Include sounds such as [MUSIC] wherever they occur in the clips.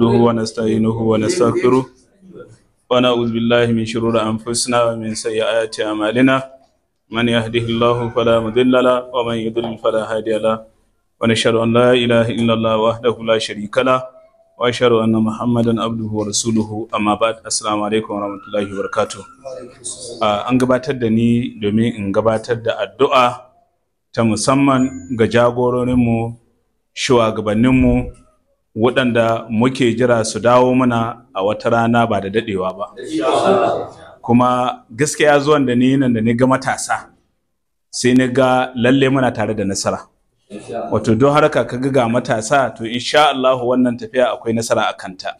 نحمده ونستعينه ونستغفره ونعوذ بالله من شرور أنفسنا ومن سيئات أعمالنا من يهده الله فلا مضل له ومن يضلل فلا هادي له ونشهد أن لا إله إلا الله وحده لا شريك له وأشهد أن محمدا عبده ورسوله أما بعد السلام عليكم ورحمة الله وبركاته an غباتر دني دومي domin غباتر gabatar da addu'a ta musamman ga jagororinmu shugabanninmu waɗanda muke jira su dawo mana a wata rana ba da daɗewa ba kuma gaskiya zuwan da ni nan da ni ga matasa sai ni ga lalle muna tare da nasara wato don harka ka ga matasa to insha Allah wannan tafiya akwai nasara a kanta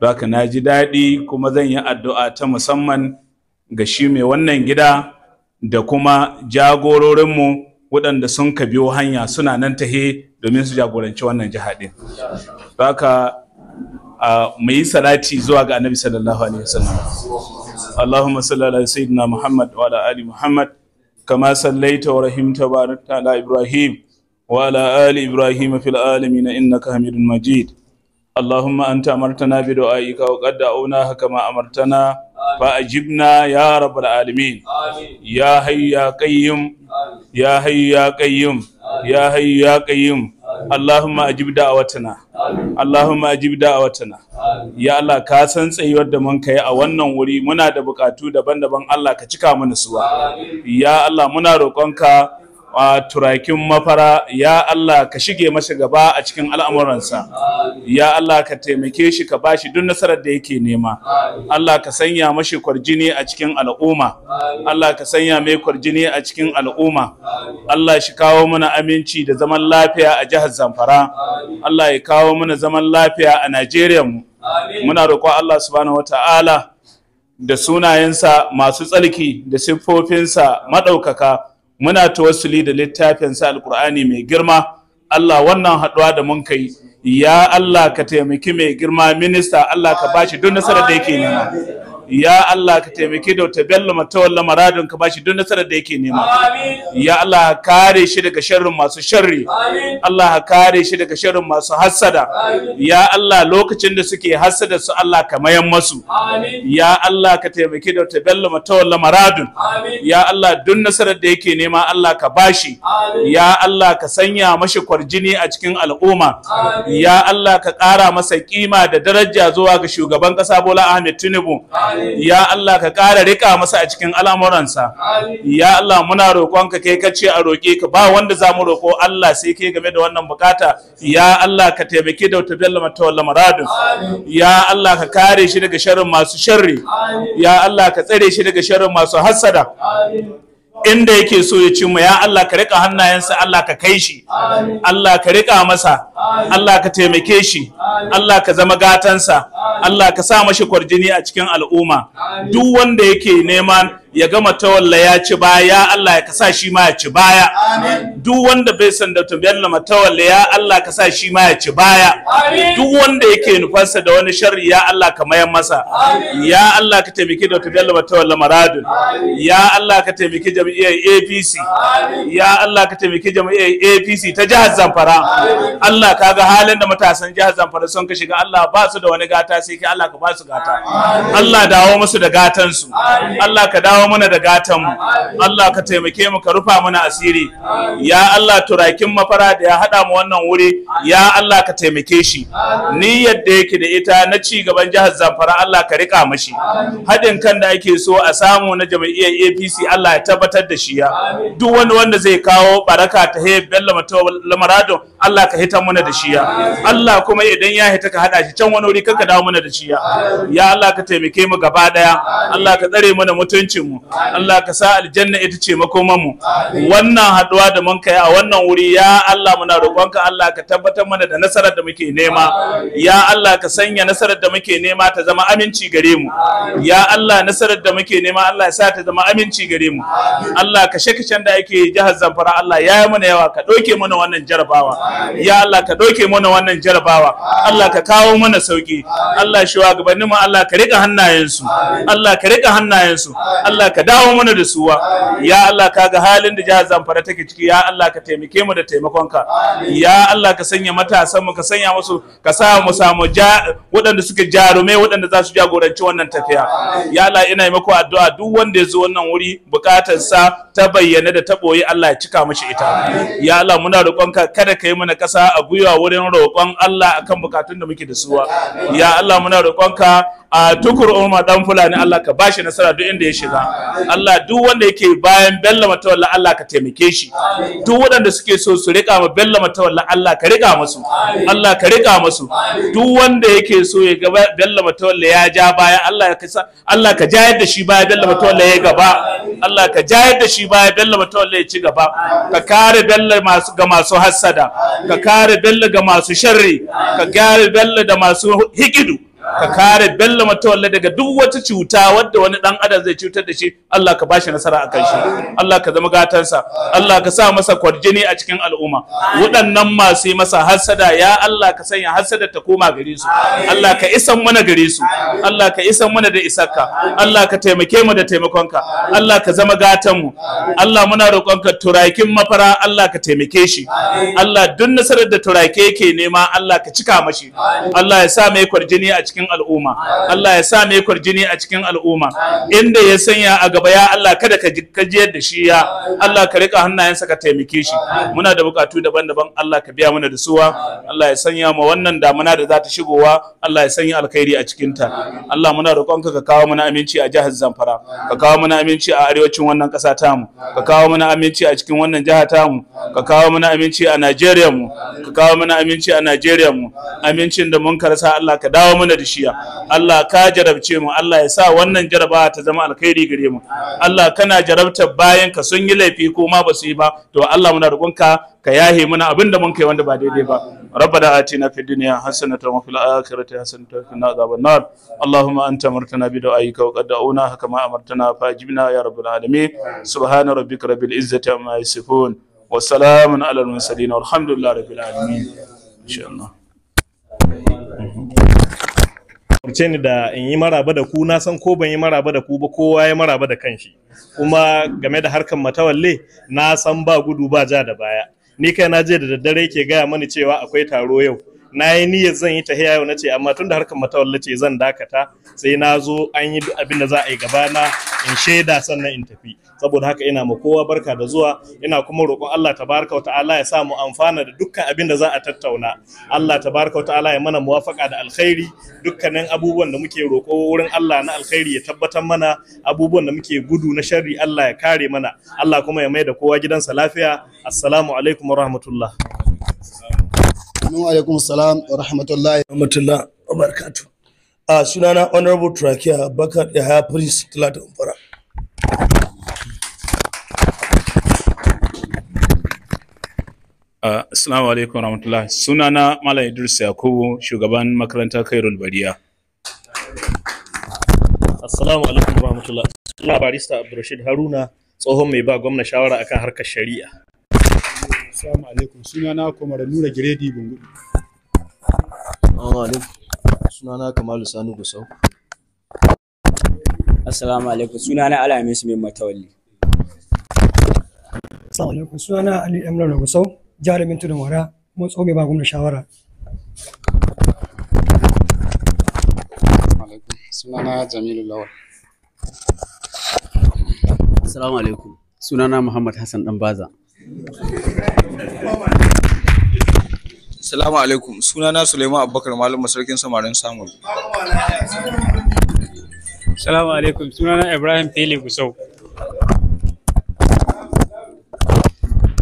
baka na ji daɗi kuma zan yi addu'a ta musamman ga shi mai wannan gida da kuma jagororinmu waɗanda sun ka biyo hanya suna nan tahe domin su jagoranci wannan jiha din haka mu yi salati zuwa ga annabi sallallahu alaihi wasallam Allahumma salli ala sayyidina Muhammad wa ala ali Muhammad kama sallaita wa rahimta barakta ala Ibrahim wa ala ali Ibrahim fil alamin innaka Hamidun Majid اللهم أنت أمرتنا بدعائك وقد دعوناها كما أمرتنا فأجبنا يا رب العالمين آمين. يا حي يا قيوم يا ya يا قيوم يا حي يا قيوم Allahumma اجب دعوتنا اللهم اجب دعوتنا ya Allah ka san tsayuwar da mun kai a wannan wuri muna da bukatu daban-daban Allah ka cika mana suwa ya Allah muna roƙonka a turakin mafara ya Allah ka shige masa gaba a cikin al'amuransa ya Allah ka taimake shi ka bashi duk nasarar da yake nema Allah ka sanya mashi kwarjini a cikin al'umma Allah ka sanya mai kwarjini a cikin al'umma Allah shi kawo mana aminci da zaman lafiya a jihar Zamfara Allah ya kawo mana zaman lafiya a Najeriya mu muna roƙon Allah subhanahu wataala da sunayensa masu tsalki da siffofinsa maɗaukaka muna tawassuli da littafin sa alqur'ani mai girma Allah wannan haɗuwa da mun kai ya Allah ka taimaki mai girma minista Allah ka bashi duk nasarar da yake nema ya Allah ka taimake da wata bello matawalla maradin ka bashi don nasarar da yake nema ya Allah kare shi daga sharrin masu sharri Allah kare shi daga sharrin masu hassada ya Allah lokacin da suke hassada su Allah ka mayan masu ya Allah ka taimake da wata bello matawalla maradin ya Allah don nasarar da yake nema Allah ka bashi ya Allah ka sanya mashi kwarjini a cikin al'umma ya Allah ka ƙara masa kima da daraja zuwa ga shugaban kasa Bola Ahmed Tinubu ya Allah ka ƙara rika masa a cikin al'amuransa ya Allah muna roƙonka kai ka ce a roƙe ka ba wanda za mu roƙo Allah sai kai game da wannan bukata ya Allah ka taimaki da wata tabella matawalla maradin ya Allah ka kare shi daga sharrin masu sharri ya Allah ka tsare shi daga sharrin masu hassada inda yake so ya ce mu ya Allah ka rika hannayensa Allah ka kai shi Allah ka rika masa Allah ka taimake shi Allah ka zama gatansa Allah ka sa mashi kwarjini a cikin al'umma duk wanda yake neman ya gama tawalla ya ci baya Allah ya kasa shi ma ya ci baya duk wanda bai san da Bello matawalla ya Allah kasa shi ma ya ci baya duk wanda yake nufarsa da wani sharri ya Allah ka mayan masa ya Allah ka taimaki da Bello matawalla maradun ya Allah ka taimaki jam'iyyar APC ya Allah ka taimaki jam'iyyar APC ta jihar Zamfara Allah ka ga halin da matasan jihar Zamfara sun ka shiga Allah ba su da wani gata sai kai Allah ka ba su gata Allah dawo musu da gatansu Allah ka dawo mana da gatan mu Allah ka taimake mu ka rufa mana asiri ya Allah turakin mafara da ya hada mu wannan wuri ya Allah ka taimake shi Ni yadda yake da ita na ci gaban jihar Zamfara Allah ka rika mashi haɗin kan da ake so a samu na jam'iyyar APC Allah ya tabbatar da shi ya duk wani wanda zai kawo baraka ta he Bello Lamarado Allah ka hita mana da shi ya Allah kuma idan ya hita ka hada shi can wani wuri kanka dawo mana da shi ya Allah ka taimake mu gaba daya Allah ka tsare mana mutuncin mu Allah ka sa aljanna ita ce makoman mu wannan haduwa da mun kai a wannan wuri ya Allah muna roƙonka Allah ka tabbatar mana da nasarar da muke nema ya Allah ka sanya nasarar da muke nema ta zama aminci gare mu ya Allah nasarar da muke nema Allah ya sa ta zama aminci gare mu Allah ka shaki da ake jihar Zamfara Allah ya yi mana yawa ka ɗauke mana wannan jarabawa ya Allah ka ɗauke mana wannan jarabawa Allah ka kawo mana sauki Allah mu Allah ka riƙa hannayensu Allah ka riƙa hannayensu Allah Allah ka dawo mana da suwa ya Allah ka ga halin da jihar Zamfara take ciki ya Allah ka taimake mu da taimakonka ya Allah ka sanya matasan mu ka sanya musu ka sa mu samu waɗanda suke jarumai waɗanda za su jagoranci wannan tafiya ya Allah ina yi muku addu'a duk wanda ya zo wannan wuri bukatar sa ta bayyana da ta boye Allah ya cika mishi ita ya Allah muna roƙonka kada ka yi mana kasa a gwiwa wurin roƙon Allah akan bukatun da muke da suwa ya Allah muna roƙonka a tukur umma dan fulani Allah ka bashi nasara duk inda ya shiga Allah duk wanda yake bayan Bello Matawalla Allah ka taimake shi duk waɗanda suke so su rika ma Bello Matawalla Allah ka rika musu Allah ka rika musu duk wanda yake so ya ga Bello Matawalla ya ja baya Allah ka sa Allah ka jayar da shi baya Bello Matawalla ya gaba Allah ka jayar da shi baya Bello Matawalla ya ci gaba ka kare Bello masu ga masu hassada ka kare Bello ga masu sharri ka kare Bello da masu hikidu ka kare bello matawalle daga duk wata cuta wadda wani dan adam zai cutar da shi Allah ka bashi nasara akan shi Allah ka zama gatansa Allah ka sa masa kwarjini a cikin al'umma waɗannan masu masa hasada ya Allah ka sanya hasada ta koma gare su Allah ka isan mana gare su Allah ka isan mana da isarka Allah ka taimake mu da taimakonka Allah ka zama gatan mu. Allah muna ka turakin mafara Allah ka taimake shi Allah duk nasarar da turake yake nema Allah ka cika mashi Allah ya sa mai kwarjini a cikin cikin al'umma Allah ya sa mai kwarjini a cikin al'umma inda ya sanya a gaba ya Allah kada ka kajiyar da shi ya Allah ka rika hannayensa ka taimake shi muna da bukatu daban-daban Allah ka biya mana da suwa Allah ya sanya ma wannan damuna da za ta shigowa Allah ya sanya alkhairi a cikin ta Allah muna roƙonka ka kawo mana aminci a jihar Zamfara ka kawo mana aminci a arewacin wannan ƙasa mu, ka kawo mana aminci a cikin wannan jiha mu, ka kawo mana aminci a Najeriya mu ka kawo mana aminci a Najeriya mu amincin da mun karsa Allah ka dawo mana da shiya Allah ka jarabce mu Allah ya sa wannan jaraba ta zama alkhairi gare mu Allah kana jarabtar bayan ka sun yi laifi ko ma ba su yi ba to Allah muna rukun ka ka yahe muna abinda mun kai wanda ba daidai ba rabbana atina fid dunya hasanatan wa fil akhirati hasanatan wa qina adhaban nar allahumma anta amartana bi du'aika wa qad auna kama amartana fa ajibna ya rabbal alamin subhana rabbika rabbil izzati amma yasifun wa salamun ala al mursalin walhamdulillahi rabbil alamin inshallah umarce ni da in yi maraba da ku na san ko ban yi maraba da ku ba kowa ya maraba da kanshi kuma game da harkan matawalle na san ba gudu ba ja da baya ni kai na je da daddare ke gaya mani cewa akwai taro yau na yi niyyar zan yi tahiya yau na ce amma tun da harkar matawalla ce zan dakata sai na zo an yi abin da za a yi gabana in shaida sannan in tafi saboda haka ina ma kowa barka da zuwa ina kuma roƙon Allah tabaraka wa ta'ala ya samu amfana da dukkan abin da za a tattauna Allah tabaraka wa ta'ala ya mana muwafaka da alkhairi dukkanin abubuwan da muke roƙo wurin Allah na alkhairi ya tabbatar mana abubuwan da muke gudu na sharri Allah ya kare mana Allah kuma ya mai da kowa gidansa lafiya assalamu alaikum wa rahmatullah Wa alaikum salam wa rahmatullahi wa rahmatullahi wa barakatuh. A sunana Honorable Trakia Bakar haya Prince Talata Umfara. Assalamu alaikum wa rahmatullahi. Sunana Malam Idris Yakubu, shugaban makarantar Kairul Bariya. Assalamu alaikum wa rahmatullahi. Suna barista abdurashid Haruna, tsohon mai ba gwamna shawara akan harkar shari'a. Assalamu alaikum. Suna Sunana da Nura Giredi Bungudu. Assalamu alaikum. na Kamalu Sani Gusau. Assalamu alaikum. Ala Alhamis Mai Matawalli. Assalamu alaikum. Sunana Ali Emran Gusau, jarumin tudun wara, mun tsome ba gwamnati shawara. na Jamilu Lawal. Assalamu alaikum. Sunana Muhammad Hassan Danbaza. Salamu alaikum. Suna na Suleiman Abubakar Malam Masarkin Samarin Samun. Salamu alaikum. Suna na Ibrahim Fili Gusau.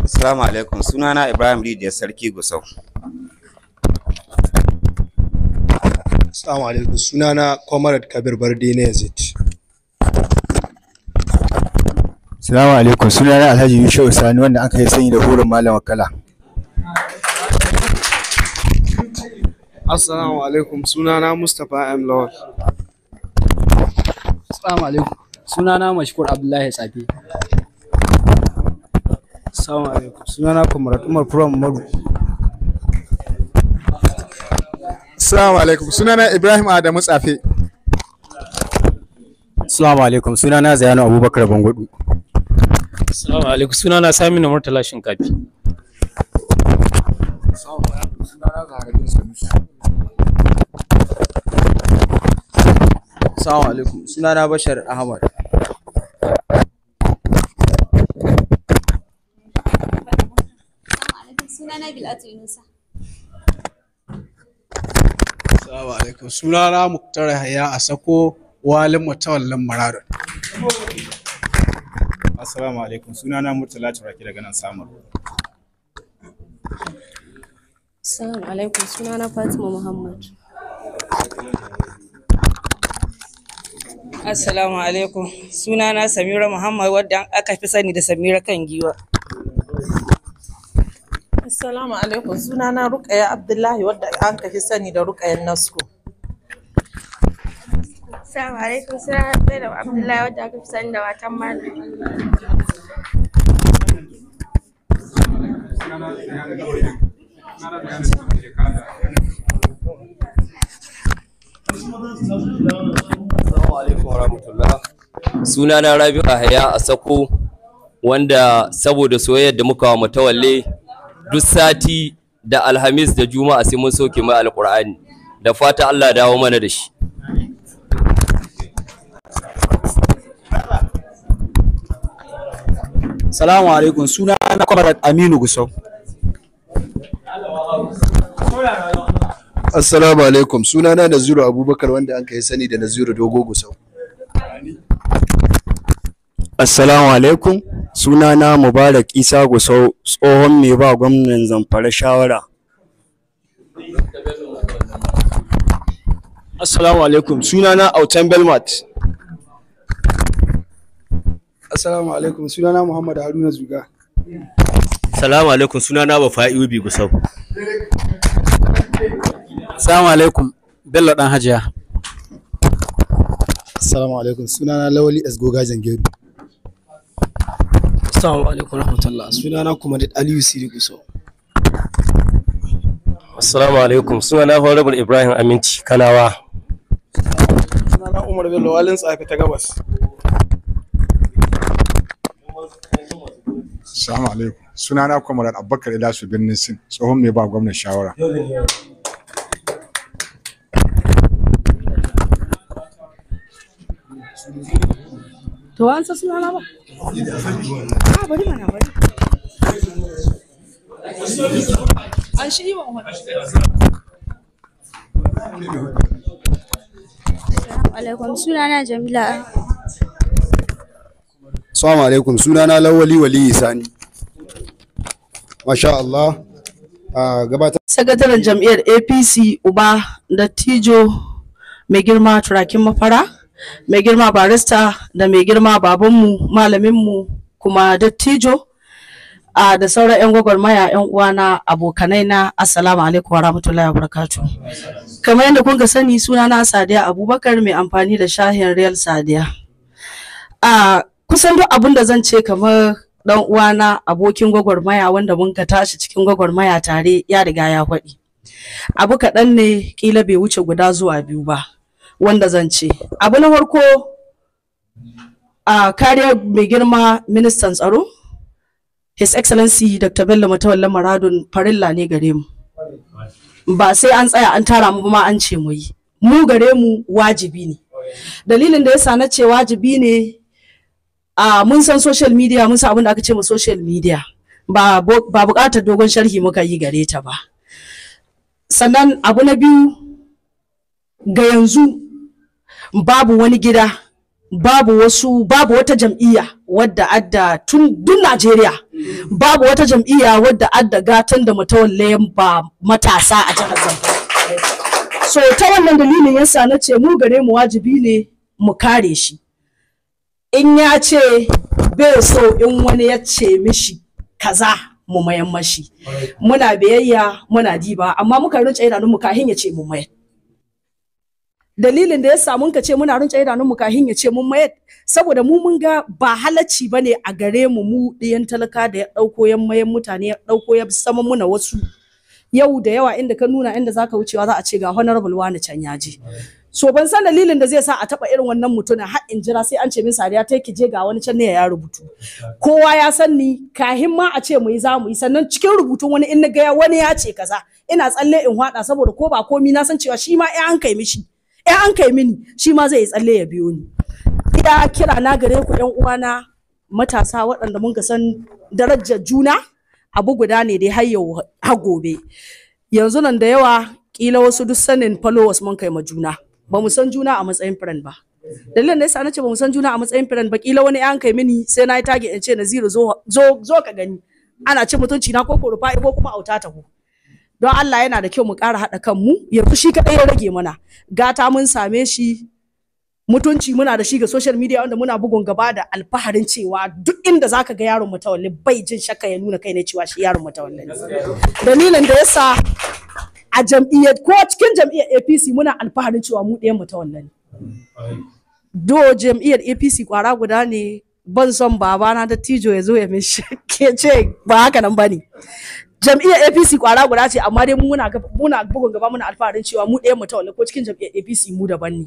Salamu alaikum. Suna na Ibrahim Rijiyar Sarki Gusau. Salamu alaikum. Suna na Comrade Kabir Bardi, na Yazid. Salamu alaikum. Suna na Alhaji Yusuf Sani wanda aka yi sanyi da horon Malam Wakala. Assalamu alaikum sunana Mustapha M. Lord. Assalamu alaikum sunana Mashkur Abdullahi Tsafi. Assalamu alaikum sunana Comrade Umar Furan Maru. Assalamu alaikum sunana Ibrahim Adamu Tsafe. Assalamu alaikum sunana Zayano Abubakar Bangudu. Assalamu alaikum sunana Saminu Murtala Shinkafi. Assalamu alaikum sunana Zaharaddin Sanusi. Assalamu alaikum. Sunana Bashar Ahmad. Sunana Bil'atu Yunusa. Assalamu alaikum. Sunana Muktar Haya Asako Walin Mutawallin Mararin. Assalamu alaikum. Sunana Murtala Turaki daga nan Samar. Assalamu alaikum. Sunana Fatima Muhammad. Assalamu alaikum. Sunana Samira Muhammad wadda aka fi sani da Samira kan giwa. Assalamu alaikum. Sunana Rukaya Abdullahi wadda aka fi sani da Rukayan Nasko. Assalamu alaikum. Sunana Zainab Abdullahi wadda aka fi sani da Watan Malam. Assalamu alaikum Sunana Rabi'u Ahaya a Sako wanda saboda soyayyar da muka wa mutawalle duk sati da Alhamis da Juma'a sai mun soke mai Alƙur'ani. Da fata Allah dawo mana da shi. Salamu alaikum. Sunana Kwamarat Aminu Gusau. assalamu alaikum sunana naziru abubakar wanda an kai sani da naziru dogo gusau assalamu alaikum sunana mubarak isa gusau tsohon mai ba gwamnan zamfara shawara assalamu alaikum sunana autan belmat assalamu alaikum sunana muhammad haruna zuga assalamu alaikum sunana bafa'i ubi gusau Assalamu alaikum. Bello dan Hajiya. Assalamu alaikum. Sunana Lawali Asgoga Jangeru. Assalamu alaikum rahmatullah. Sunana kuma da Aliyu Siri Guso. Assalamu alaikum. Sunana Honorable Ibrahim Aminci Kanawa. Sunana Umar Bello Walin Tsafi ta Gabas. Assalamu alaikum. Sunana Kwamarar Abubakar Ilyasu Birnin Sin, tsohon mai ba gwamnan shawara. To ah, an Masha Allah. jam'iyyar APC Uba Dattijo mai girma turakin mafara. mai girma barista da mai girma babanmu malaminmu kuma dattijo a da sauran 'yan gwagwarmaya 'yan uwana abokanai na assalamu alaikum wa rahmatullahi wa barakatu kamar yadda kun ga sani suna na sadiya abubakar mai amfani da shahin real sadiya a kusan duk abin da zan ce kamar dan uwana abokin gwagwarmaya wanda mun ka tashi cikin gwagwarmaya tare ya riga ya faɗi abu kaɗan ne kila bai wuce guda zuwa biyu ba wanda zan ce abu na farko a kariyar mai girma ministan tsaro his excellency dr bello matawallan maradun farilla ne gare mu ba sai an tsaya an tara mu ma an ce mu yi mu gare mu wajibi ne dalilin da yasa na ce wajibi ne a mun san social media mun san abin da aka ce mu social media ba ba bukatar dogon sharhi muka yi gare ta ba sannan abu na biyu ga yanzu babu wani gida babu wasu babu wata jam'iyya wadda adda tun dun Najeriya babu wata jam'iyya wadda adda gatan da mutawalle ba matasa a jihar Zamfara so ta wannan dalilin yasa na ce mu gare mu wajibi ne mu kare shi in ya ce bai so in wani ya ce mishi kaza mu mayan mashi muna biyayya muna diba amma muka rinca idanun mu kahin ya ce mu mayar dalilin da ya samu ka ce muna runce mu kahin ya ce mun mayar saboda mu mun ga ba halacci ba ne a gare mu mu ɗiyan talaka da ya ɗauko yan mayan mutane ya ɗauko ya sama muna wasu yau da yawa inda ka nuna inda zaka wucewa za a ce ga honorable wani can ya je so ban san dalilin da zai sa a taba irin wannan mutumin har in jira sai an ce min sariya ta ki je ga wani can ne ya rubutu kowa ya san ni kahin ma a ce mu yi za mu yi sannan cikin rubutun wani in na ga wani ya ce kaza ina tsalle in hwada saboda ko ba komi na san cewa shi ma ya an kai mishi in eh, an kai mini shi ma zai yi tsalle ya biyo ni iya kira na gare ku yan uwana matasa waɗanda mun san darajar juna abu guda ne dai har yau har gobe yanzu nan da yawa kila wasu duk sanin followers mun kai ma juna ba mu san juna a matsayin friend ba dalilin da yasa nace ba mu san juna a matsayin friend ba kila wani an kai mini sai na yi tagi in ce na zo zo ka gani ana ce mutunci na ko ko ko kuma auta ta ko don Allah yana da kyau mu ƙara haɗa kanmu yanzu shi kaɗai ya rage mana gata mun same shi mutunci muna da shi ga social media wanda muna bugun gaba da alfaharin cewa duk inda zaka ga yaron mutawalli bai jin shakka ya nuna kai ne cewa shi yaron mutawalli ne dalilin da yasa a jam'iyyar ko cikin jam'iyyar APC muna alfaharin cewa mu ɗayan mutawalli ne do jam'iyyar APC kwara guda ne ban son babana da tijo ya zo ya min ke [LAUGHS] ce ba haka nan bane jam'iyyar APC kwara guda ce amma dai muna muna bugun gaba muna alfaharin cewa mu ɗayan mutawalla ko cikin jam'iyyar APC mu daban ne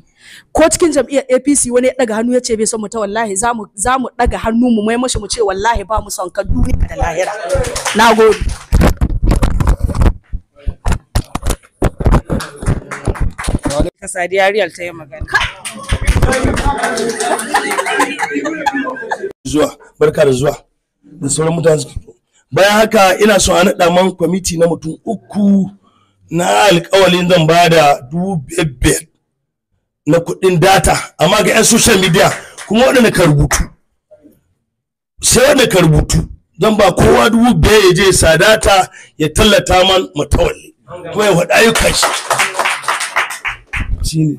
ko cikin jam'iyyar APC wani ya daga hannu ya ce bai son wallahi zamu zamu daga hannu mu mai mashi mu ce wallahi ba mu son ka duniya da lahira nagode ta sadiya real ta yi magana zuwa barka da zuwa da sauran mutane bayan haka ina so a naɗa man kwamiti na mutum uku na alkawalin zan ba da dubbiyar na kuɗin data amma ga 'yan social media kuma waɗanda ka rubutu sai waɗanda ka rubutu zan ba kowa dubu biyar ya je sa data ya tallata man matawalle kuma ya faɗa ayyukan shi shine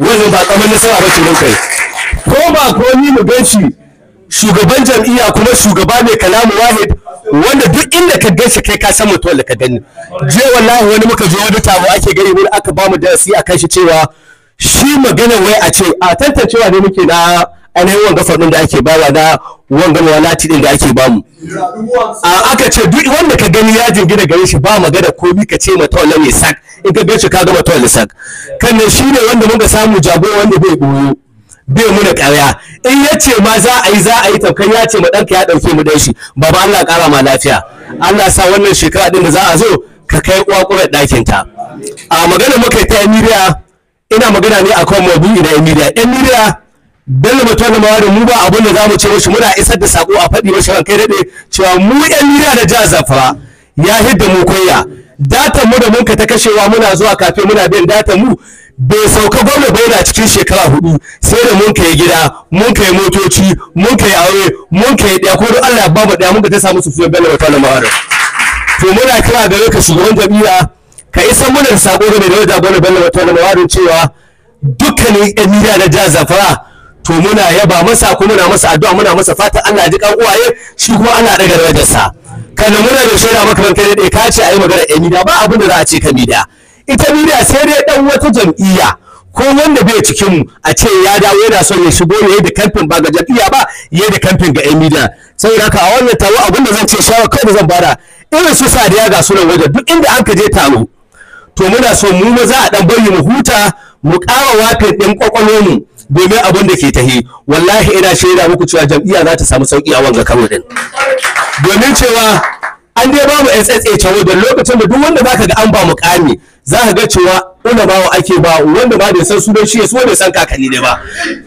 wannan ba kamar nasara ba ce kai ko ba ko ni mu gaci shugaban jam'iyya kuma shugaba ne kalamu wahid wanda duk inda ka gaishe kai ka san da ka gani je wallahi wani muka je wani taro ake gani wani aka ba mu darasi akan shi cewa shi magana wai a ce a tantancewa ne muke na ainihin wanga faɗin da ake bawa na wanga lati ɗin da ake bamu a aka ce duk wanda ka gani ya jingina gare shi ba magana komi ka ce mutuwar wallan mai sak in ka gaishe ka ga mutuwar wallan sak kan shi ne wanda muka samu jagora wanda bai goyo bai mu da ƙarya in ya ce ma za a yi za a yi tafkan ya ce ma ɗanka ya ɗauke mu dan shi baba Allah ƙara ma lafiya Allah sa wannan shekara ɗin da za a zo ka kai uwa ƙurar ɗakin ta a magana muka ta miriya, ina magana ne akan mabu'i na emiriya emiriya bello mutum da mu ba abin da za mu ce mashi muna isar da sako a faɗi mashi kai daɗe cewa mu 'yan miriya da jihar zafara ya hidda mu koya datan mu da mun ka ta kashewa muna zuwa kafin muna bin datan mu bai sauka gwamna ba yana cikin shekara hudu sai da mun kai gida mun kai motoci mun kai aure mun kai ɗaya ko don Allah ba mu ɗaya mun ga ta samu sufiyar fiye bello na mahara to muna kira ga ka shugaban jami'a ka isa muna da sako game da wajen gwamna bello na mahara cewa dukkanin yan na jihar zafara to muna yaba masa kuma muna masa addu'a muna masa fata Allah ya ji uwaye shi kuma ana daga darajarsa kana muna da shaida makarantar da kai da a yi magana yan ba abin da za a ce kan niyya ita miliya sai dai dan wata jam'iyya ko wanda bai cikin mu a ce ya dawo yana son ya shigo ya da kamfin ba ga jam'iyya ba ya yi da kamfin ga yan Sai saboda haka a wannan taro abin da zan ce shawara kai zan bada irin su sadiya ga sunan wajen duk inda an ka je taro to muna so mu maza a dan bari mu huta mu kawo wafin ɗin ƙwaƙwalwar domin abin da ke tahi wallahi ina shaida muku cewa jam'iyya za ta samu sauki a wanga kawo din domin cewa an dai ba mu SSA cewa da lokacin da duk wanda zaka ga an ba mu kame za ka ga cewa wa ake ba wanda ba da san su sunan shi su da san kakanni ne ba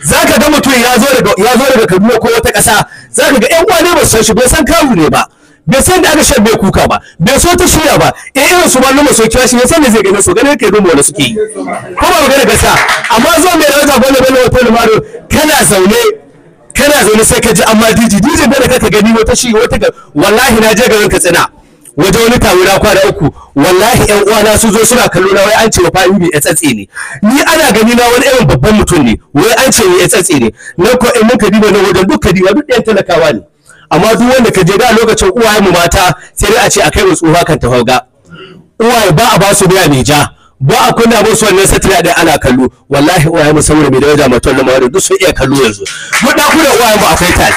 za ka ga mutum ya zo daga ya zo daga Kaduna ko wata ƙasa za ka ga ƴan uwa ne ba san shi bai san kawu ne ba bai san da aka shan bai kuka ba bai so ta shirya ba eh irin su ba so kira shi bai san da zai gani so gane kai rumo wani suke ko ba magana sa amma zo mai raja bane bane wata lumaro kana zaune kana zaune sai ka ji amma diji diji da ka gani wata shi wata wallahi na je garin Katsina wajen wani taro na kwana uku wallahi yan uwana sun zo suna kallo na wai an ce fa ni ya ne ni ana gani na wani irin babban mutum ne wai an ce ya tsatse ne nan ko in muka diba na wajen duk kadiwa duk yan talakawa ne amma duk wanda ka je da lokacin uwaye mu mata sai dai a ce a kai mu tsufa kan tahoga uwaye ba a ba su biya mai ja ba a kunna musu wannan satira da ana kallo wallahi uwaye mu saboda da wajen mutum da mawari duk sun iya kallo yanzu mu da kula uwaye mu akwai tal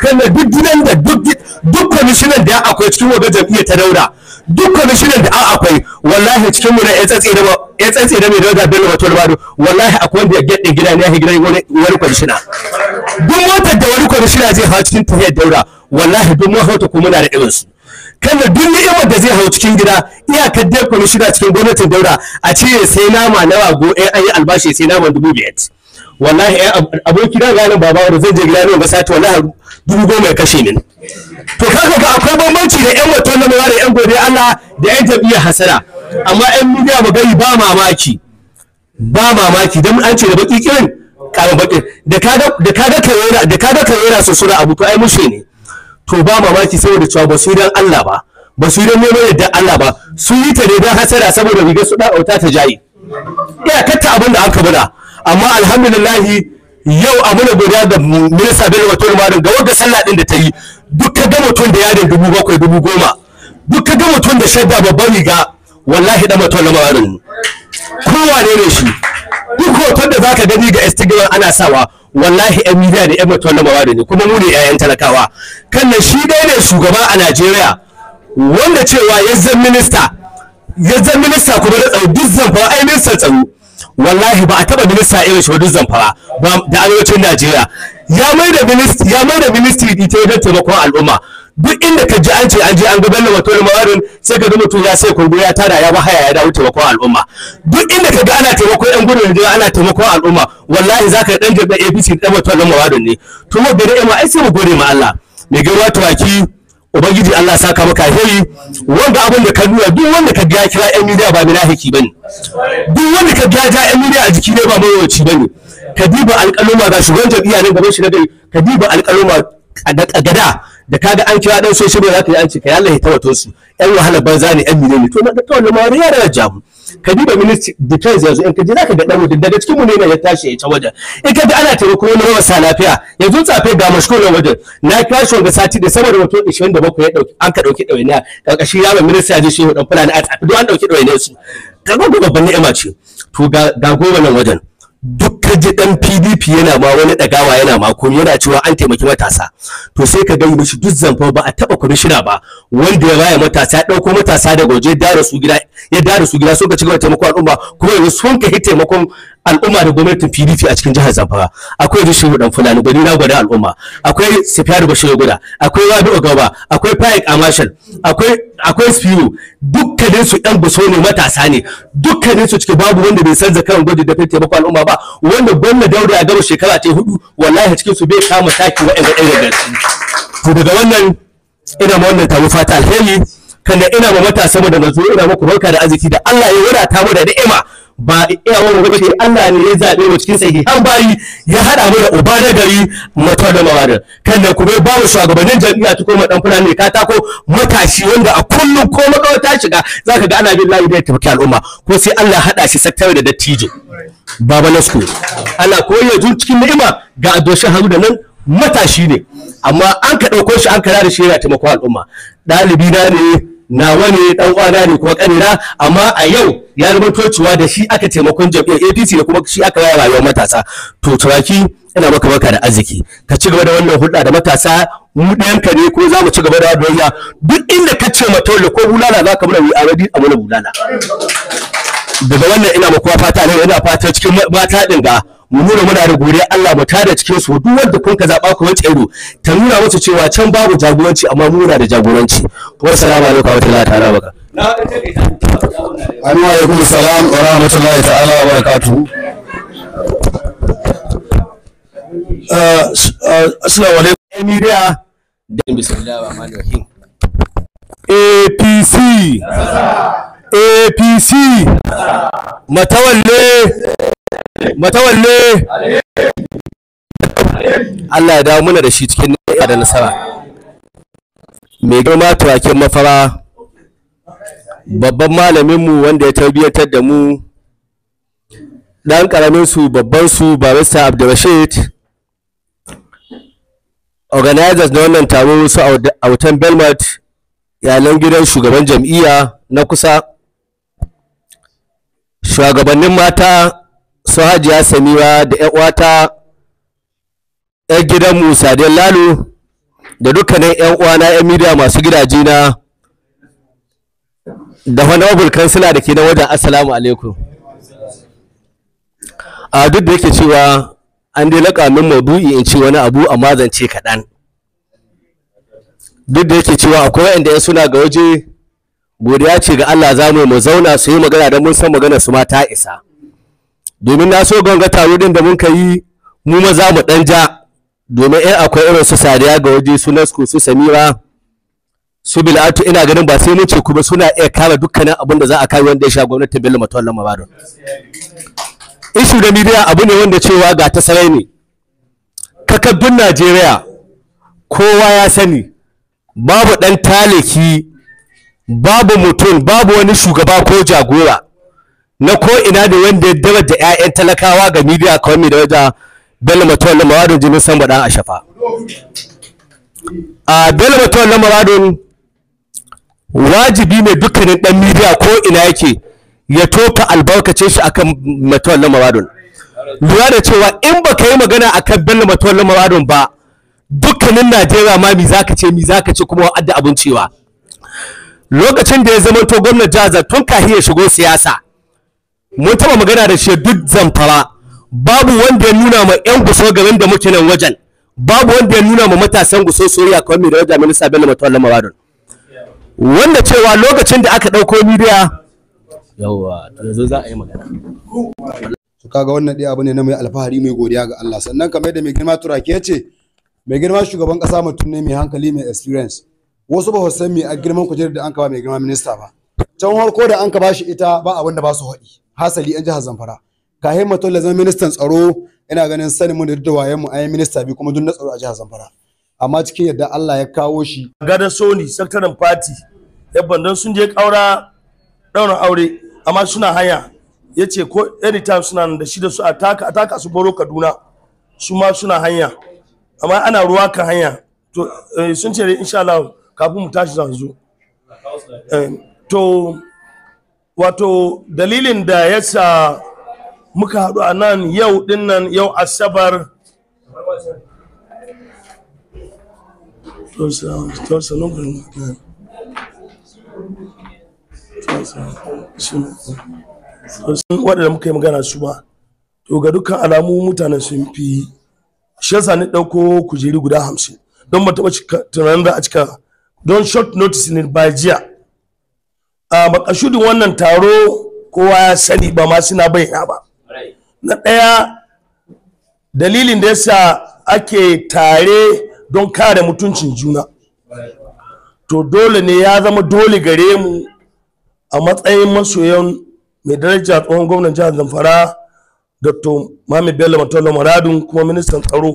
kana duk gidan da duk duk commissioner da akwai cikin wata jami'a ta daura duk commissioner da akwai wallahi cikin mu na tsatsi da tsatsi da mai daraja bello mutum da wallahi akwai wanda ya gedin gidan ya gidan wani commissioner duk motar da wani commissioner zai hawa cikin tafiyar daura wallahi duk mu hauta ko muna da irinsu kana duk ni'imar da zai hau cikin gida iyakar dai shiga cikin gwamnatin daura a ce sai nama na rago ɗaya eh, an yi albashi sai nama dubu biyar wallahi eh, aboki na ranar baba wanda zai je gida ne ga sati wallahi dubu goma ya kashe ni to kaga ga akwai bambanci da yan wato na da yan gobe, Allah da yan jabiya hasara amma yan midiya magani ba mamaki ba mamaki dan an ce da baki kirin karan baki da kaga da kaga da kaga so sura abu to ai mushe ne to ba mamaki saboda cewa ba su dan Allah ba ba su dan neman yadda Allah ba su yi ta dai dan hasara saboda rigar su dan auta ta jayi Ya katta abin da aka bada amma alhamdulillah yau a da godiya da minista Bello Batul Malam ga wanda sallah din da ta yi duk ka ga mutum da yarin dubu bakwai dubu goma duk ka ga mutum da shadda babban riga wallahi da mutum na mawarin kowa ne ne shi duk hoton da zaka gani ga Instagram ana sawa wallahi yan bidiya da yan mutuwan na da ne kuma mu ne yayan talakawa kan nan shi dai ne shugaba a Najeriya wanda cewa ya zan minista ya zan minista kuma da tsaro duk zamfara ai minista tsaro wallahi ba a taba minista irin shi duk zamfara da arewacin Najeriya ya mai da ministry ya mai da ministry ita don taimakon al'umma duk inda ka ji an ce an je an gaban da wato mawarin sai ka ga mutum ya sai kungu ya tara, ya wahaya ya dawo taimakon al'umma duk inda ka ga ana taimako yan gudun hijira ana taimakon al'umma wallahi za ka dan jirgin apc dan wato mawarin ne to mu gari ma ai sai mu gode ma Allah mai girma tuwaki ubangiji Allah saka maka hayi wanda abin da ka nuna duk wanda ka ga kira yan media ba munafiki bane duk wanda ka ga ja yan media a jiki ne ba mawaci bane kadiba alƙaluma ga shugaban jami'a ne gaban shi na gari kadiba alƙaluma a gada da kaga an kira dan social media zaka yi an ce kai Allah ya tawato su ɗan wahala banza ne ɗan mileni to na ta wannan ma ya da jabu ka duba ministry defense yanzu in ka je zaka ga dan mutum daga cikin mu ne ya tashi ya ta wajen in ka ga ana taimako na marasa lafiya yanzu tsafe ga mashkulan wajen na kashi wanga sati da saboda wato 27 ya dauki an ka dauki dawainiya karkashin yaron ministry je shi hudan fulani a tsafi duk an dauki dawainiyar su kaga babban ni'ima ce to ga goma nan wajen duk ka ji dan PDP yana ma wani dagawa yana ma kun yana cewa an taimaki matasa to sai ka gani mishi duk zamfa ba a taba kwamishina ba wanda ya raya matasa ya dauko matasa daga waje ya dara su gida ya su gida so ka ci gaba taimako al'umma kuma yanzu sun ka taimakon al'umma da gwamnatin PDP a cikin jihar Zamfara akwai Rishiru dan Fulani gari na gwada al'umma akwai Sufiyar Bashir Guda akwai Rabi Ogaba akwai Faik Amashal akwai akwai Spiro dukkanin su ɗan buso ne matasa ne dukkanin su cikin babu wanda bai san zakaran gwaji da fitar bako al'umma ba wanda gwamna Daure a gaba shekara ta hudu wallahi cikin su bai kama taki wa ɗan gaci to daga wannan ina ma wannan taro fata alheri kana ina ma matasa mu da nazo ina muku barka da arziki da Allah ya wadata mu da ni'ima ba iyawar ba ce Allah ne ya zaɓe mu cikin sahihan bayi ya haɗa mu da uba da gari mata da mawada kan da kuma ba mu shugabannin jami'a ta koma dan fulani katako matashi wanda a kullum ko makawata shiga zaka ga ana bin billahi da tafi al'umma ko sai Allah haɗa shi sattare da dattijo baba nasku Allah ko ya cikin ni'ima ga adoshi da nan matashi ne amma an ka ɗauko shi an kara da shi yana taimako al'umma ɗalibi na ne Na ne dan kwana ne kuma kanira. amma a yau ya rubuto cewa da shi aka taimakon jam'iyyar APC da kuma shi aka yaya rayuwar matasa to turaki ina maka baka da arziki ka ci gaba da wannan hulɗa da matasa mu ɗayanka ne ko za mu ci gaba da doyya duk inda ka ce matolle ko bulala za ka muna wi wadi a wani bulala daga wannan ina makuwa fata ne yana fata cikin mata din ba mu nuna muna da godiyar Allah mu tada cikin su duk wanda kun ka zaba ku wace iro ta nuna musu cewa can babu jagoranci amma muna da jagoranci wa assalamu alaikum wa rahmatullahi ta'ala wa barakatuh alaikum salam wa rahmatullahi ta'ala wa barakatuh uh, uh, assalamu alaikum media da bismillahir rahmanir rahim APC APC matawalle matawalle Allah ya dawo mana da shi cikin ni'a da nasara mai girma turakin mafara babban mu wanda ya tarbiyyatar da mu Dan karamin su babban su barista abdulrashid organizers na wannan taro su autan belmont yalan gidan shugaban jam'iyya na kusa shugabannin mata su hajiya samira da yan uwata yan gidanmu musa da lalu da dukkanin yan uwana yan midiya masu gidajena na da honorable kansila da ke na wajen assalamu alaikum a duk da yake cewa an dai laƙa min maudu'i in ci wani abu amma zance kaɗan duk da yake cewa akwai waɗanda yan suna ga waje godiya ce ga Allah za mu zauna su yi magana don mun san magana su ma ta isa domin na so ganga taro din da mun ka yi mu maza mu ɗan ja domin in akwai irin su sadiya ga waje su nasko su samira su bil'atu ina ganin ba sai mun ce kuma suna iya kare dukkanin abin da za a kare wanda ya sha gwamnati bello matawallan mabado ishu da midiya abu ne wanda cewa ga ta sarai ne takaddun najeriya kowa ya sani babu ɗan taliki babu mutum babu wani shugaba ko jagora na ko ina da wanda ya dabar da 'ya'yan talakawa ga midiya kawai mai da wajen bello mutuwar na mawadun jinin san baɗan a shafa a bello mutuwar na mawadun wajibi ne dukkanin ɗan midiya ko ina yake ya tofa albarkace shi akan mutuwar na mawadun lura da cewa in ba ka yi magana akan bello mutuwar na mawadun ba dukkanin najeriya ma mi zaka ce mi zaka ce kuma wa'adda abinci ba lokacin da ya zama to gwamnati jihar tun ka ya shigo siyasa mun taɓa magana da shi duk zamfara babu wanda ya nuna ma 'yan guso garin da muke nan wajen babu wanda ya nuna ma matasan guso soyayya kamar mai da wajen minista bello matawalla maradon wanda cewa lokacin da aka ɗauko midiya yawa to yanzu za a yi magana to kaga wannan dai abu ne na mai alfahari mai godiya ga Allah sannan kamar da mai girma turake yace ce mai girma shugaban kasa mutum ne mai hankali mai experience wasu ba san mai girman kujerar da an kaba mai girma minista ba can harko da an ka bashi ita ba abin da ba su haɗi hasali yan jihar zamfara ka hima to zama ministan tsaro ina ganin sanin mu da wayen mu ayi minista bi kuma duk na tsaro a jihar zamfara amma cikin yadda Allah ya kawo shi gada soni sakataren party yabban bandan sun je kaura daura aure amma suna haya yace ko anytime suna nan da shi da su ataka ataka su boro Kaduna su ma suna hanya amma ana ruwa kan hanya to eh, sun ce insha Allah kafin mu tashi zanzu eh, to wato dalilin da ya sa muka haɗu a nan yau dinnan yau asabar waɗanda muka yi magana su ba to ga dukkan alamu mutanen sun fi shi yasa ni ɗauko kujeri guda hamsin don ba tunanin da a cika don short notice ne ba jiya makashudin wannan taro kowa ya sani ba ma suna bayyana ba na ɗaya dalilin da yasa ake tare don kare mutuncin juna to dole ne ya zama dole gare mu a matsayin masoyan mai daraja tsohon gwamnan jihar zamfara dr mami bello matolo maradun kuma ministan tsaro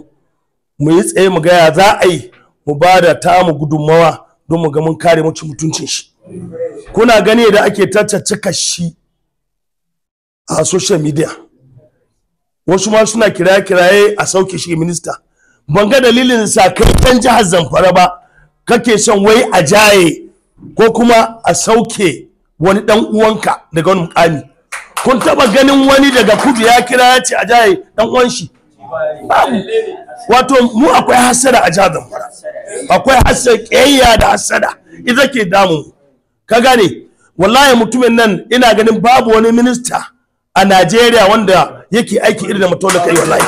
mu yi tsaye mu gaya za a yi mu bada da tamu gudunmawa don mu ga mun kare mutuncin shi kuna gani da ake tattacika shi a social media wasu ma suna kiraye-kiraye a sauke shi minista ban ga dalilin sa kai ɗan jihar zamfara ba kake son wai a jaye ko kuma a sauke wani ɗan uwanka daga wani mukami kun taba ganin wani daga kudu ya kira ya ce a jaye ɗan uwan shi wato mu akwai hasada a jihar zamfara akwai hasada kiyayya da hasada ita ke damu ka gane wallahi mutumin nan ina ganin babu wani minista a Najeriya wanda yake aiki irin da mutum da kai wallahi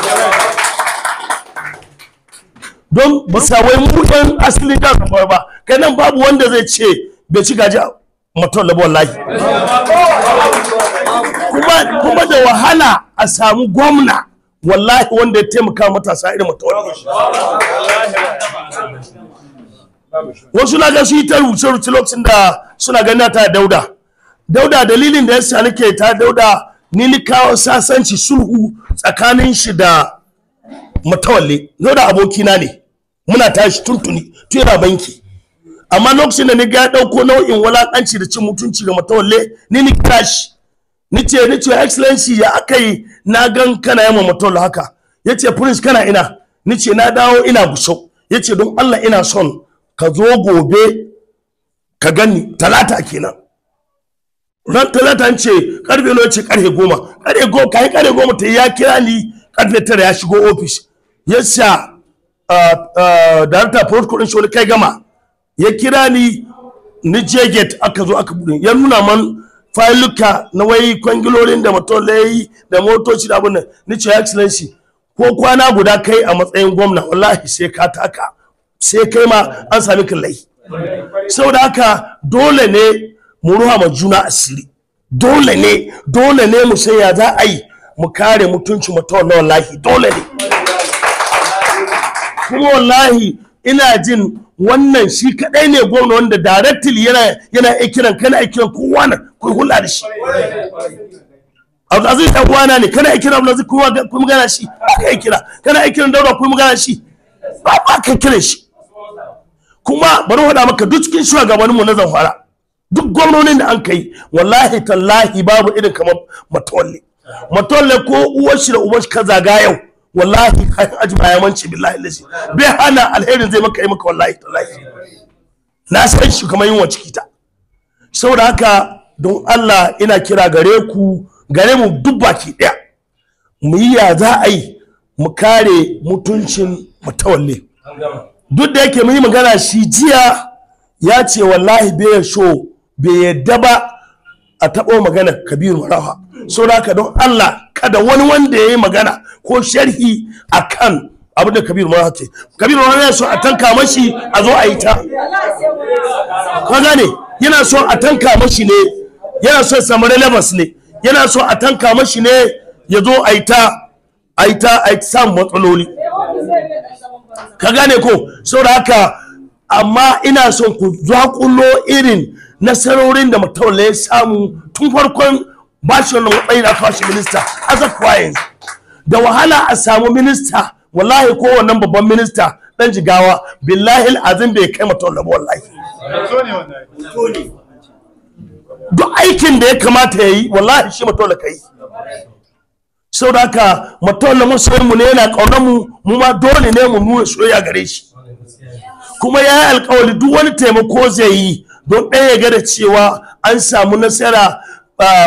don ba wai mu ɗan asali da ba kai nan babu wanda zai ce bai ci gaji mutum da wallahi kuma kuma da wahala a samu gwamna wallahi wanda ya taimaka matasa irin mutum wasu na ga shi ta rubuce rubuce lokacin da suna gani ta dauda dauda dalilin da ya sa nake ta dauda ni ni kawo sasanci sulhu tsakanin shi da matawalle dauda abokina ne muna tashi tuntuni tun yana banki amma lokacin da ni ga dauko nau'in walakanci da cin mutunci ga matawalle ni ni tashi ni ce ni ce excellency ya akai na gan kana yamma matawalle haka yace prince kana ina ni ce na dawo ina gusau yace don Allah ina son ka zo gobe ka gani talata kenan ran talata ce karfe wace karfe goma karfe goma yi karfe goma ta ya kira ni karfe tara ya shigo ofis ya sa darata protocol din shi kai gama ya kira ni ni jeget aka zo aka bude ya nuna man failuka na wai kwangilolin da matolai da motoci da abin nan ni ce excellency ko kwana guda kai a matsayin gwamna wallahi sai ka taka sai kai ma an sami kallai da haka dole ne mu ruha ma juna asiri dole ne dole ne mu sai ya za a yi mu kare mutunci mu ta wallahi dole ne kuma wallahi ina jin wannan shi kadai ne gwamna wanda directly yana yana kiran kana ikiran kowa na kai hula da shi abu Aziz ɗan uwana ne kana ikiran abu Aziz kuma gana magana shi ba ka ikira kana ikiran Dauda kuma magana shi ba ka ikiran shi kuma bari faɗa maka duk cikin shugabanninmu na zamfara duk gwamnonin da an kai wallahi tallahi babu irin kamar matolle matolle ko uwar shi da uwar shi ka zaga yau wallahi kayan ajma ya manci billahi lashi bai hana alherin zai maka yi maka wallahi tallahi na san shi kamar yin ciki ta saboda haka don Allah ina kira gare ku gare mu duk baki daya mu yi ya za a yi mu kare mutuncin matawalle duk da yake yi magana shi jiya ya ce wallahi bai sho bai yadda ba a taɓo magana kabiru rawa so ka don allah kada wani wanda ya yi magana ko sharhi a kan abin da kabiru rawa ce kabiru rawa yana son a tanka mashi a zo a yi ta ka gane yana son a tanka mashi ne yana son samu relevance ne yana son a tanka mashi ne ya zo a yi ta a yi ta a yi samun matsaloli ka gane ko saboda haka amma ina son ku zaƙulo irin nasarorin da mataula ya samu tun farkon bashi da matsayi da aka minista as a client da wahala a samu minista wallahi ko wannan babban minista dan jigawa billahi azim bai kai mataula ba wallahi duk aikin da ya kamata ya yi wallahi shi mataula ka yi saboda haka mutum na masoyinmu ne yana ƙaunar mu mu ma dole ne mu nuna soyayya gare shi kuma ya yi alkawali duk wani taimako zai yi don ɗaya ga da cewa an samu nasara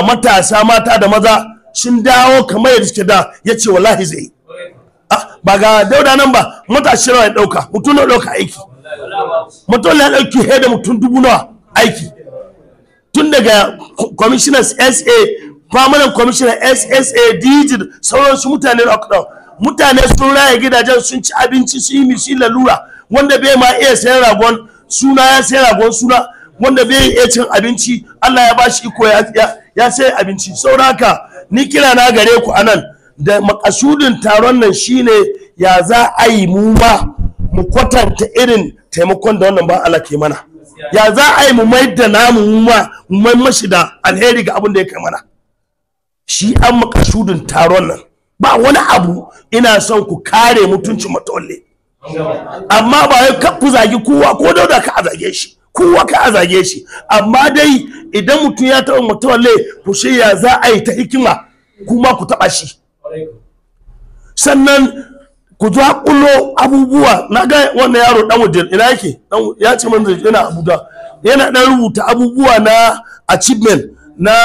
matasa mata da maza sun dawo kamar yadda suke da ya ce wallahi zai yi ba ga dauda nan ba matashi nawa ya ɗauka mutum na ɗauka aiki mutum na ɗauki da mutum dubu nawa aiki tun daga kwamishinas sa permanent commissioner ssa digit sauransu mutane lockdown mutane sun raya gidajen sun ci abinci su yi mishi lalura wanda bai ma iya sayan ragon suna ya sayi ragon suna wanda bai iya cin abinci allah ya bashi iko ya sayi abinci sauraka ni kira na gare ku anan da makasudin taron nan shine ya za a yi mu ma mu kwatanta irin taimakon da wannan ba Allah ke mana ya za a yi mu maida da namu mu ma mu mai mashi da alheri ga abin da ya kai mana shi an makasudin taron nan ba wani abu ina son ku kare mutuncin matolle amma ba wai kan zagi kowa ko dauda ka a zage shi kowa ka a zage shi amma dai idan mutum ya taɓa matolle ku shirya za a yi ta hikima kuma ku taɓa shi sannan ku zo kullo abubuwa na ga wannan yaro dan wajen ina yake ya ce min yana abuja yana dan rubuta abubuwa na achievement na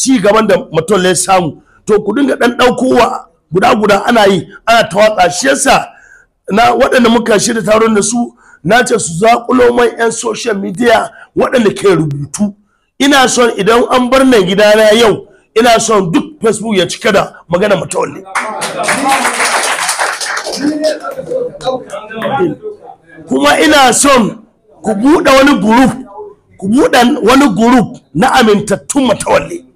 ci gaban da mutum ya samu to ku dinga dan daukowa guda guda ana yi ana tawatsa shi yasa na waɗanda muka shirya taron da su na ce su zaƙulo mai 'yan social media waɗanda ke rubutu ina son idan an bar nan gida na yau ina son duk facebook ya cika da magana matawalle kuma ina son ku buɗe wani group ku buɗe wani group na amintattun matawalle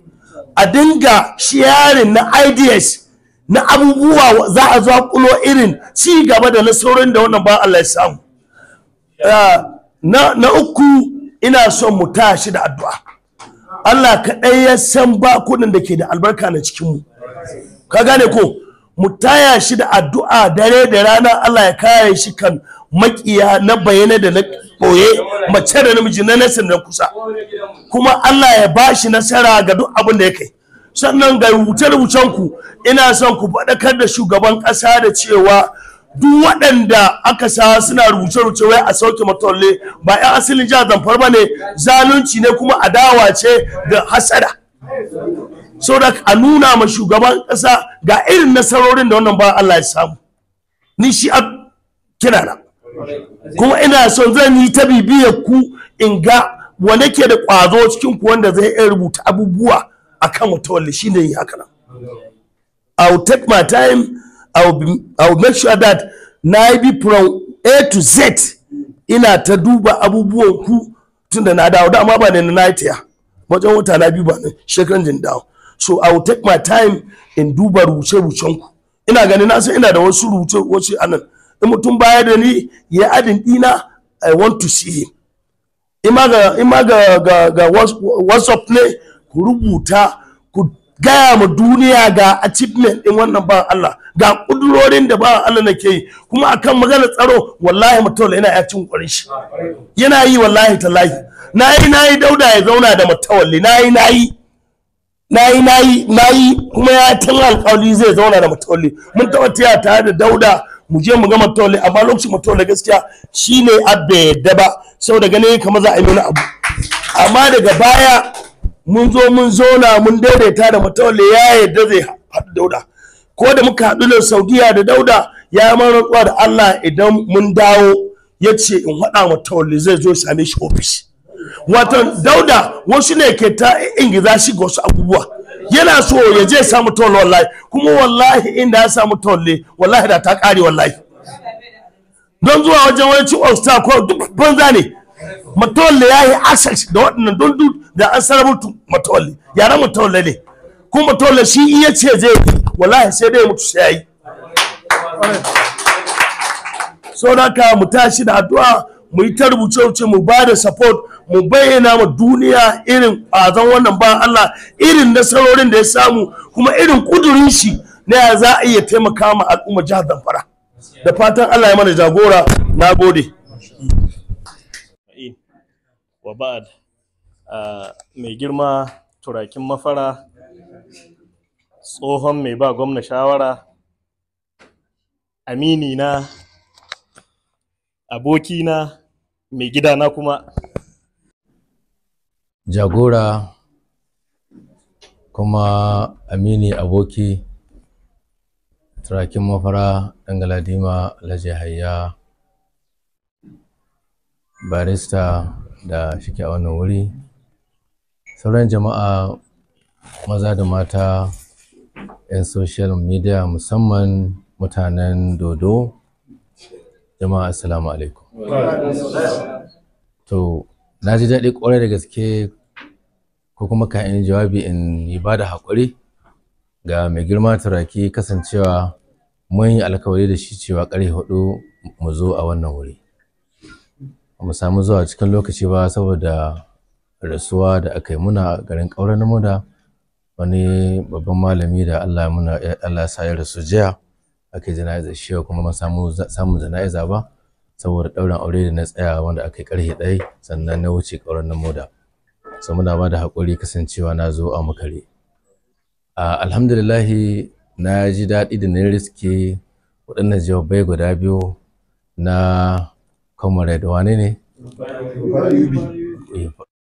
a dinga shiyarin na ideas na abubuwa za a zuwa kulo irin ci gaba da nasarorin da wannan ba Allah ya samu na uku ina son mu tashi da addu'a Allah kaɗai ya san bakunan da ke da albarka na cikinmu ka gane ko mu taya shi da addu'a dare da rana Allah ya kare shi kan makiya na bayyana da na koye mace da namiji na nasin da kusa kuma Allah ya bashi nasara ga duk abin da ya kai sannan ga rubuce wucen ku ina son ku faɗakar da shugaban ƙasa da cewa duk waɗanda aka sa suna rubuce-rubuce wai a sauke matolle ba 'yan asalin jihar zamfara ba ne zalunci ne kuma adawa ce da hasada so da a nuna ma shugaban ƙasa ga irin nasarorin da wannan ba Allah ya samu ni shi a kirana kuma ina son zan yi ta bibiyar ku in ga wanda ke da ƙwazo cikin ku wanda zai iya rubuta abubuwa akan mutawalli shine yi haka nan I will take my time I will, be, I will make sure that na bi from A to Z ina ta duba abubuwan ku tun da na dawo da amma ba ne na naitiya wajen wata na biyu ba ne shekaran jin dawo so I will take my time in duba rubuce-rubucen ku ina ganin na san ina da wasu rubuce-rubuce a nan in mutum baya da ni ya adin dina i want to see him ima ga ga ga, whatsapp ne ku rubuta ku gaya ma duniya ga achievement din wannan ba Allah ga kudurorin da ba Allah nake yi kuma akan magana tsaro wallahi mutum yana yacin kwarin shi yana yi wallahi tallahi nayi nayi dauda ya zauna da mutawalli nayi nayi nayi nayi nayi kuma ya tun alƙawli zai zauna da mutawalli mun tabbata tare da dauda mu je mu ga matole amma lokacin matole gaskiya shine abbe da ba saboda ganin kamar za a yi wani abu amma daga baya mun zo mun zona mun daidaita da matole ya yadda zai haɗu dauda ko da muka haɗu da saudiya da dauda ya yi rantsuwa da allah idan mun dawo ya ce in haɗa matole zai zo same shi ofis Watan dauda wasu ne ke ta ingiza shi ga wasu abubuwa yana so ya je samu tolle wallahi kuma wallahi inda ya samu tolle wallahi da ta kare wallahi don zuwa wajen wani ci ostar ko duk banza ne matolle ya yi access da waɗannan don duk da an sarrafa matolle yaran matolle ne kuma matolle shi iya ce zai yi wallahi sai dai mutu sai yi So na ka mu tashi da addu'a mu yi ta rubuce mu ba da support mu bayyana ma duniya irin ƙwazon wannan ba Allah irin nasarorin da ya samu kuma irin kudurin shi na ya za a iya taimaka ma al'umma jihar Zamfara da fatan Allah ya mana jagora na gode wa ba'ad mai girma turakin mafara tsohon mai ba gwamna shawara amini na abokina mai gida na kuma jagora kuma amini aboki turakin mafara ɗan galadima barista da shike a wannan wuri sauran jama'a maza da mata 'yan social media musamman mutanen dodo jama'a assalamu alaikum to na ji daɗi ƙwarai da gaske ko kuma ka in jawabi in yi ba da haƙuri ga mai girma turaki kasancewa mun yi alkawari da shi cewa ƙarfe hudu mu zo a wannan wuri mu samu zuwa cikin lokaci ba saboda rasuwa da aka yi muna garin ƙauren na da wani babban malami da Allah muna Allah sa ya rasu jiya ake jana'iza shi kuma mun samun jana'iza ba saboda ɗaurin aure da na tsaya wanda aka yi ƙarfe ɗaya sannan na wuce ƙauren na moda so muna ba da haƙuri kasancewa na zo a makare alhamdulillahi na ji daɗi da na yi riske waɗannan jawabai guda biyu na comrade wane ne